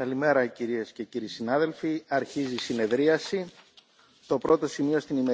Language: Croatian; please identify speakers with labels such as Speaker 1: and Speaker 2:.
Speaker 1: ali rijjeske isi nadelfi arhizi to proto i mještin